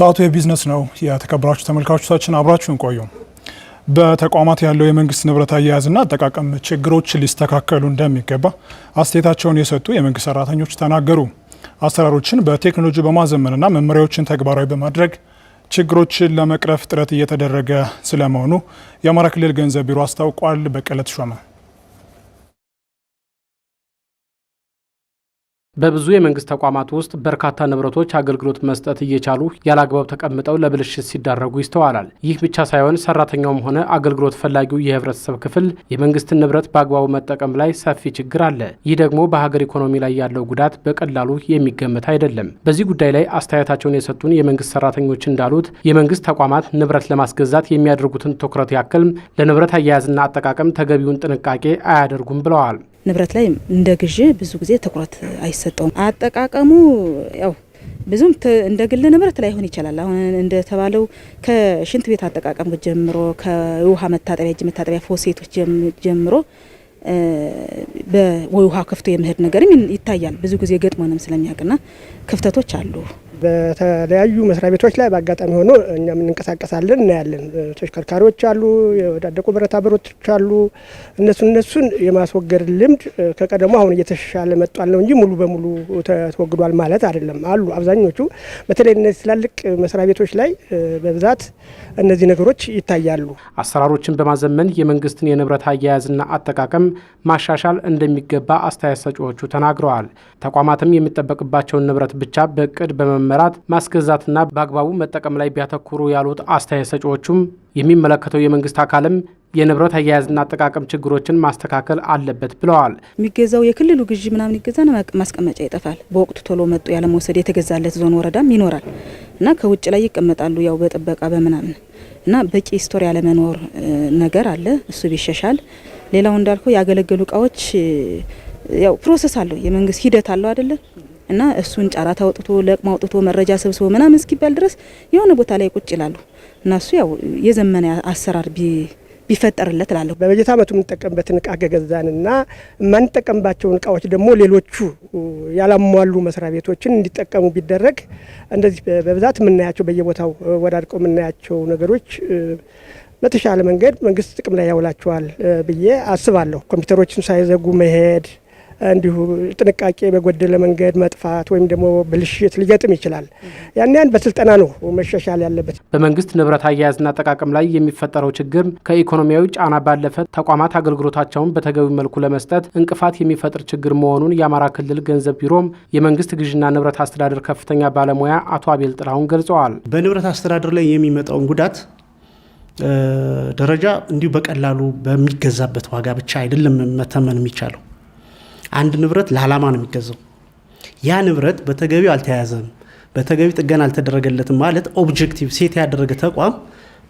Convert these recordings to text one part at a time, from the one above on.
ሰዓቱ የቢዝነስ ነው። የተከበራችሁ ተመልካቾቻችን አብራችሁን ቆዩ። በተቋማት ያለው የመንግስት ንብረት አያያዝና አጠቃቀም ችግሮች ሊስተካከሉ እንደሚገባ አስተያየታቸውን የሰጡ የመንግስት ሰራተኞች ተናገሩ። አሰራሮችን በቴክኖሎጂ በማዘመንና መመሪያዎችን ተግባራዊ በማድረግ ችግሮችን ለመቅረፍ ጥረት እየተደረገ ስለመሆኑ የአማራ ክልል ገንዘብ ቢሮ አስታውቋል። በቀለት ሾመ በብዙ የመንግስት ተቋማት ውስጥ በርካታ ንብረቶች አገልግሎት መስጠት እየቻሉ ያላግባብ ተቀምጠው ለብልሽት ሲዳረጉ ይስተዋላል። ይህ ብቻ ሳይሆን ሰራተኛውም ሆነ አገልግሎት ፈላጊው የህብረተሰብ ክፍል የመንግስትን ንብረት በአግባቡ መጠቀም ላይ ሰፊ ችግር አለ። ይህ ደግሞ በሀገር ኢኮኖሚ ላይ ያለው ጉዳት በቀላሉ የሚገመት አይደለም። በዚህ ጉዳይ ላይ አስተያየታቸውን የሰጡን የመንግስት ሰራተኞች እንዳሉት የመንግስት ተቋማት ንብረት ለማስገዛት የሚያደርጉትን ትኩረት ያክል ለንብረት አያያዝና አጠቃቀም ተገቢውን ጥንቃቄ አያደርጉም ብለዋል። ንብረት ላይ እንደ ግዢ ብዙ ጊዜ ትኩረት አይሰጠውም። አጠቃቀሙ ያው ብዙም እንደ ግል ንብረት ላይሆን ይችላል። አሁን እንደተባለው ከሽንት ቤት አጠቃቀም ጀምሮ ከውሃ መታጠቢያ እጅ መታጠቢያ ፎሴቶች ጀምሮ በውሃ ከፍቶ የመሄድ ነገርም ይታያል። ብዙ ጊዜ ገጥሞንም ስለሚያውቅና ክፍተቶች አሉ። በተለያዩ መስሪያ ቤቶች ላይ በአጋጣሚ ሆኖ እኛም እንንቀሳቀሳለን እናያለን። ተሽከርካሪዎች አሉ፣ የወዳደቁ ብረታ ብረቶች አሉ። እነሱ እነሱን የማስወገድ ልምድ ከቀደሞ አሁን እየተሻለ መጧል ነው እንጂ ሙሉ በሙሉ ተወግዷል ማለት አይደለም። አሉ አብዛኞቹ፣ በተለይ እነዚህ ትላልቅ መስሪያ ቤቶች ላይ በብዛት እነዚህ ነገሮች ይታያሉ። አሰራሮችን በማዘመን የመንግስትን የንብረት አያያዝና አጠቃቀም ማሻሻል እንደሚገባ አስተያየት ሰጪዎቹ ተናግረዋል። ተቋማትም የሚጠበቅባቸውን ንብረት ብቻ በእቅድ በመ መመራት ማስገዛትና በአግባቡ መጠቀም ላይ ቢያተኩሩ ያሉት አስተያየት ሰጪዎቹም የሚመለከተው የመንግስት አካልም የንብረት አያያዝና አጠቃቀም ችግሮችን ማስተካከል አለበት ብለዋል። የሚገዛው የክልሉ ግዢ ምናምን ይገዛ ማስቀመጫ ይጠፋል። በወቅቱ ቶሎ መጡ ያለመውሰድ የተገዛለት ዞን ወረዳም ይኖራል እና ከውጭ ላይ ይቀመጣሉ ያው በጥበቃ በምናምን እና በቂ ስቶር ያለመኖር ነገር አለ። እሱ ቢሸሻል። ሌላው እንዳልኩ ያገለገሉ እቃዎች ያው ፕሮሰስ አለው የመንግስት ሂደት አለው አይደለም። እና እሱን ጨረታ አውጥቶ ለቅማ አውጥቶ መረጃ ሰብስቦ ምናምን እስኪባል ድረስ የሆነ ቦታ ላይ ቁጭ ይላሉ እና እሱ ያው የዘመነ አሰራር ቢፈጠርለት እላለሁ። በበጀት አመቱ የምንጠቀምበትን እቃ ከገዛንና የማንጠቀምባቸውን እቃዎች ደግሞ ሌሎቹ ያላሟሉ መስሪያ ቤቶችን እንዲጠቀሙ ቢደረግ እንደዚህ በብዛት የምናያቸው በየቦታው ወዳድቀው የምናያቸው ነገሮች በተሻለ መንገድ መንግስት ጥቅም ላይ ያውላቸዋል ብዬ አስባለሁ። ኮምፒውተሮችን ሳይዘጉ መሄድ እንዲሁ ጥንቃቄ በጎደለ መንገድ መጥፋት ወይም ደግሞ ብልሽት ሊገጥም ይችላል። ያን ያን በስልጠና ነው መሻሻል ያለበት። በመንግስት ንብረት አያያዝና አጠቃቀም ላይ የሚፈጠረው ችግር ከኢኮኖሚያዊ ጫና ባለፈ ተቋማት አገልግሎታቸውን በተገቢ መልኩ ለመስጠት እንቅፋት የሚፈጥር ችግር መሆኑን የአማራ ክልል ገንዘብ ቢሮም የመንግስት ግዥና ንብረት አስተዳደር ከፍተኛ ባለሙያ አቶ አቤል ጥላሁን ገልጸዋል። በንብረት አስተዳደር ላይ የሚመጣውን ጉዳት ደረጃ እንዲሁ በቀላሉ በሚገዛበት ዋጋ ብቻ አይደለም መተመን የሚቻለው አንድ ንብረት ለዓላማ ነው የሚገዛው። ያ ንብረት በተገቢው አልተያዘም፣ በተገቢ ጥገና አልተደረገለትም ማለት ኦብጀክቲቭ ሴት ያደረገ ተቋም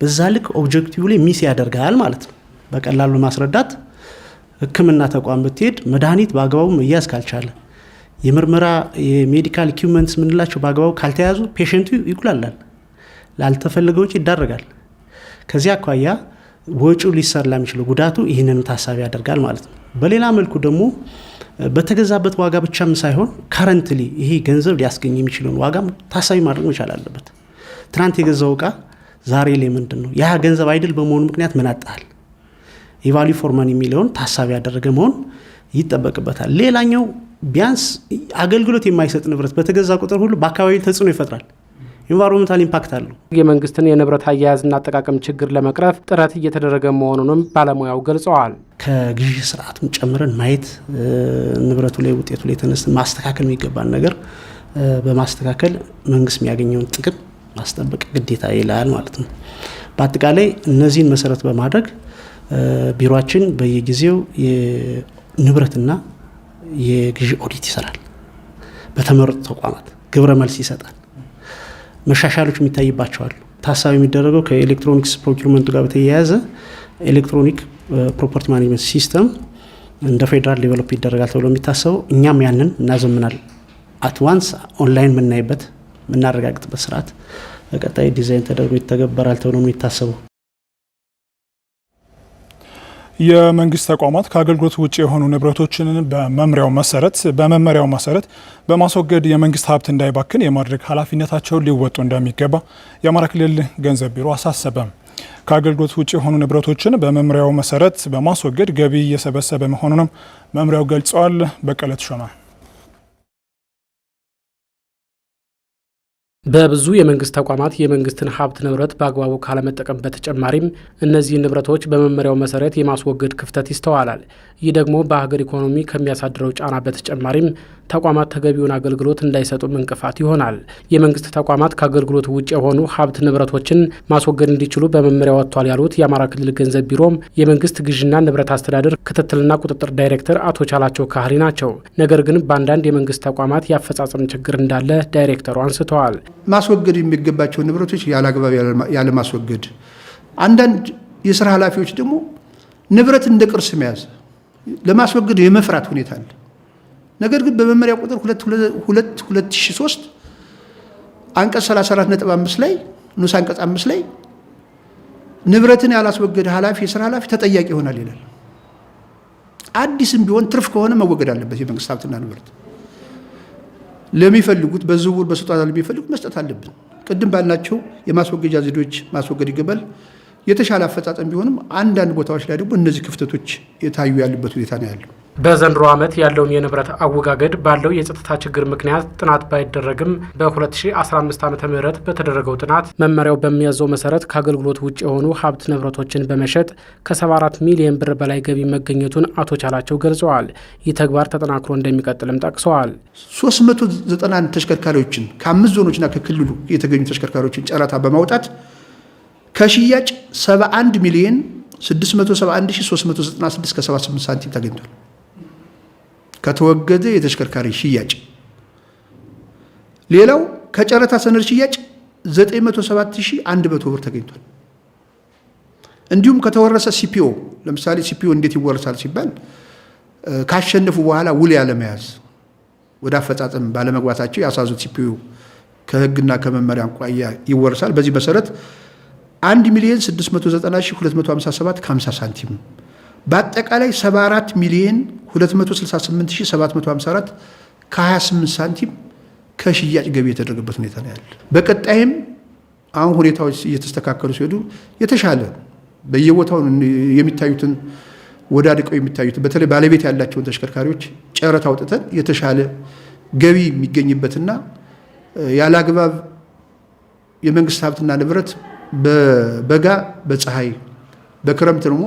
በዛ ልክ ኦብጀክቲቭ ላይ ሚስ ያደርጋል ማለት ነው። በቀላሉ ማስረዳት ሕክምና ተቋም ብትሄድ መድኃኒት በአግባቡ መያዝ ካልቻለ የምርመራ የሜዲካል ኢኩዊፕመንትስ ምንላቸው በአግባቡ ካልተያዙ ፔሽንቱ ይጉላላል፣ ላልተፈለገ ውጭ ይዳረጋል። ከዚህ አኳያ ወጪው ሊሰላ የሚችለው ጉዳቱ ይህንን ታሳቢ ያደርጋል ማለት ነው። በሌላ መልኩ ደግሞ በተገዛበት ዋጋ ብቻም ሳይሆን ከረንትሊ ይሄ ገንዘብ ሊያስገኝ የሚችለውን ዋጋም ታሳቢ ማድረግ መቻል አለበት። ትናንት የገዛው እቃ ዛሬ ላይ ምንድን ነው ያ ገንዘብ አይድል በመሆኑ ምክንያት ምን አጣል ፎርማን የሚለውን ታሳቢ ያደረገ መሆን ይጠበቅበታል። ሌላኛው ቢያንስ አገልግሎት የማይሰጥ ንብረት በተገዛ ቁጥር ሁሉ በአካባቢ ተጽዕኖ ይፈጥራል። ኢንቫይሮንመንታል ኢምፓክት አለው። የመንግስትን የንብረት አያያዝና አጠቃቀም ችግር ለመቅረፍ ጥረት እየተደረገ መሆኑንም ባለሙያው ገልጸዋል። ከግዢ ስርዓቱን ጨምረን ማየት ንብረቱ ላይ ውጤቱ ላይ ተነስ ማስተካከል የሚገባን ነገር በማስተካከል መንግስት የሚያገኘውን ጥቅም ማስጠበቅ ግዴታ ይላል ማለት ነው። በአጠቃላይ እነዚህን መሰረት በማድረግ ቢሮችን በየጊዜው የንብረትና የግዢ ኦዲት ይሰራል። በተመረጡ ተቋማት ግብረ መልስ ይሰጣል። መሻሻሎች የሚታይባቸዋል። ታሳቢ የሚደረገው ከኤሌክትሮኒክስ ፕሮኪርመንቱ ጋር በተያያዘ ኤሌክትሮኒክ ፕሮፐርቲ ማኔጅመንት ሲስተም እንደ ፌዴራል ዴቨሎፕ ይደረጋል ተብሎ የሚታሰበው እኛም ያንን እናዘምናል። አትዋንስ ኦንላይን የምናይበት የምናረጋግጥበት ስርዓት በቀጣይ ዲዛይን ተደርጎ ይተገበራል ተብሎ የሚታሰበው የመንግስት ተቋማት ከአገልግሎት ውጭ የሆኑ ንብረቶችን በመምሪያው መሰረት በመመሪያው መሰረት በማስወገድ የመንግስት ሀብት እንዳይባክን የማድረግ ኃላፊነታቸውን ሊወጡ እንደሚገባ የአማራ ክልል ገንዘብ ቢሮ አሳሰበም። ከአገልግሎት ውጭ የሆኑ ንብረቶችን በመምሪያው መሰረት በማስወገድ ገቢ እየሰበሰበ መሆኑንም መምሪያው ገልጸዋል። በቀለት ሾማል በብዙ የመንግስት ተቋማት የመንግስትን ሀብት ንብረት በአግባቡ ካለመጠቀም በተጨማሪም እነዚህን ንብረቶች በመመሪያው መሰረት የማስወገድ ክፍተት ይስተዋላል። ይህ ደግሞ በሀገር ኢኮኖሚ ከሚያሳድረው ጫና በተጨማሪም ተቋማት ተገቢውን አገልግሎት እንዳይሰጡም እንቅፋት ይሆናል። የመንግስት ተቋማት ከአገልግሎት ውጭ የሆኑ ሀብት ንብረቶችን ማስወገድ እንዲችሉ በመመሪያ ወጥቷል ያሉት የአማራ ክልል ገንዘብ ቢሮም የመንግስት ግዥና ንብረት አስተዳደር ክትትልና ቁጥጥር ዳይሬክተር አቶ ቻላቸው ካህሪ ናቸው። ነገር ግን በአንዳንድ የመንግስት ተቋማት የአፈጻጸም ችግር እንዳለ ዳይሬክተሩ አንስተዋል። ማስወገድ የሚገባቸው ንብረቶች ያለአግባብ ያለማስወገድ፣ አንዳንድ የስራ ኃላፊዎች ደግሞ ንብረት እንደ ቅርስ መያዝ ለማስወገድ የመፍራት ሁኔታ አለ። ነገር ግን በመመሪያ ቁጥር 2023 አንቀጽ 34 ነጥብ 5 ላይ ንዑስ አንቀጽ 5 ላይ ንብረትን ያላስወገደ ኃላፊ የስራ ኃላፊ ተጠያቂ ይሆናል ይላል። አዲስም ቢሆን ትርፍ ከሆነ መወገድ አለበት። የመንግስት ሀብትና ንብረት ለሚፈልጉት በዝውውር በስጦታ ለሚፈልጉት መስጠት አለብን። ቅድም ባልናቸው የማስወገጃ ዘዴዎች ማስወገድ ይገባል። የተሻለ አፈጻጸም ቢሆንም አንዳንድ ቦታዎች ላይ ደግሞ እነዚህ ክፍተቶች የታዩ ያሉበት ሁኔታ ነው ያለው። በዘንድሮ ዓመት ያለውን የንብረት አወጋገድ ባለው የጸጥታ ችግር ምክንያት ጥናት ባይደረግም በ2015 ዓ ም በተደረገው ጥናት መመሪያው በሚያዘው መሰረት ከአገልግሎት ውጭ የሆኑ ሀብት ንብረቶችን በመሸጥ ከ74 ሚሊዮን ብር በላይ ገቢ መገኘቱን አቶ ቻላቸው ገልጸዋል። ይህ ተግባር ተጠናክሮ እንደሚቀጥልም ጠቅሰዋል። 391 ተሽከርካሪዎችን ከአምስት ዞኖችና ከክልሉ የተገኙ ተሽከርካሪዎችን ጨረታ በማውጣት ከሽያጭ 71 ሚሊየን 671,396 ከ78 ሳንቲም ተገኝቷል። ከተወገደ የተሽከርካሪ ሽያጭ። ሌላው ከጨረታ ሰነድ ሽያጭ 97100 ብር ተገኝቷል። እንዲሁም ከተወረሰ ሲፒኦ ለምሳሌ ሲፒኦ እንዴት ይወርሳል ሲባል ካሸነፉ በኋላ ውል ያለመያዝ ወደ አፈጻጸም ባለመግባታቸው ያሳዙት ሲፒዩ ከህግና ከመመሪያ አኳያ ይወርሳል። በዚህ መሰረት 1 ሚሊዮን 690257 ከ50 ሳንቲም በአጠቃላይ 74 ሚሊዮን 268754 ከ28 ሳንቲም ከሽያጭ ገቢ የተደረገበት ሁኔታ ነው ያለ። በቀጣይም አሁን ሁኔታዎች እየተስተካከሉ ሲሄዱ የተሻለ በየቦታው የሚታዩትን ወዳድቀው የሚታዩትን በተለይ ባለቤት ያላቸውን ተሽከርካሪዎች ጨረታ አውጥተን የተሻለ ገቢ የሚገኝበትና ያለ አግባብ የመንግስት ሀብትና ንብረት በበጋ በፀሐይ በክረምት ደግሞ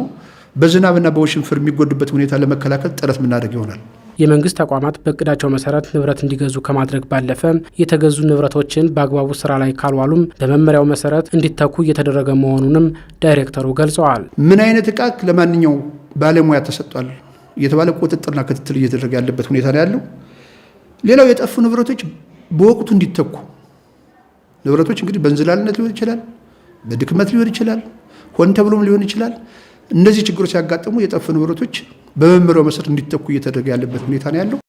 በዝናብና በውሽንፍር የሚጎዱበት ሁኔታ ለመከላከል ጥረት ምናደርግ ይሆናል። የመንግስት ተቋማት በእቅዳቸው መሰረት ንብረት እንዲገዙ ከማድረግ ባለፈ የተገዙ ንብረቶችን በአግባቡ ስራ ላይ ካልዋሉም በመመሪያው መሰረት እንዲተኩ እየተደረገ መሆኑንም ዳይሬክተሩ ገልጸዋል። ምን አይነት እቃ ለማንኛው ባለሙያ ተሰጥቷል እየተባለ ቁጥጥርና ክትትል እየተደረገ ያለበት ሁኔታ ነው ያለው። ሌላው የጠፉ ንብረቶች በወቅቱ እንዲተኩ ንብረቶች እንግዲህ በእንዝላልነት ሊሆን ይችላል፣ በድክመት ሊሆን ይችላል፣ ሆን ተብሎም ሊሆን ይችላል እነዚህ ችግሮች ሲያጋጥሙ የጠፉ ንብረቶች በመመሪያው መሰረት እንዲተኩ እየተደረገ ያለበት ሁኔታ ነው ያለው።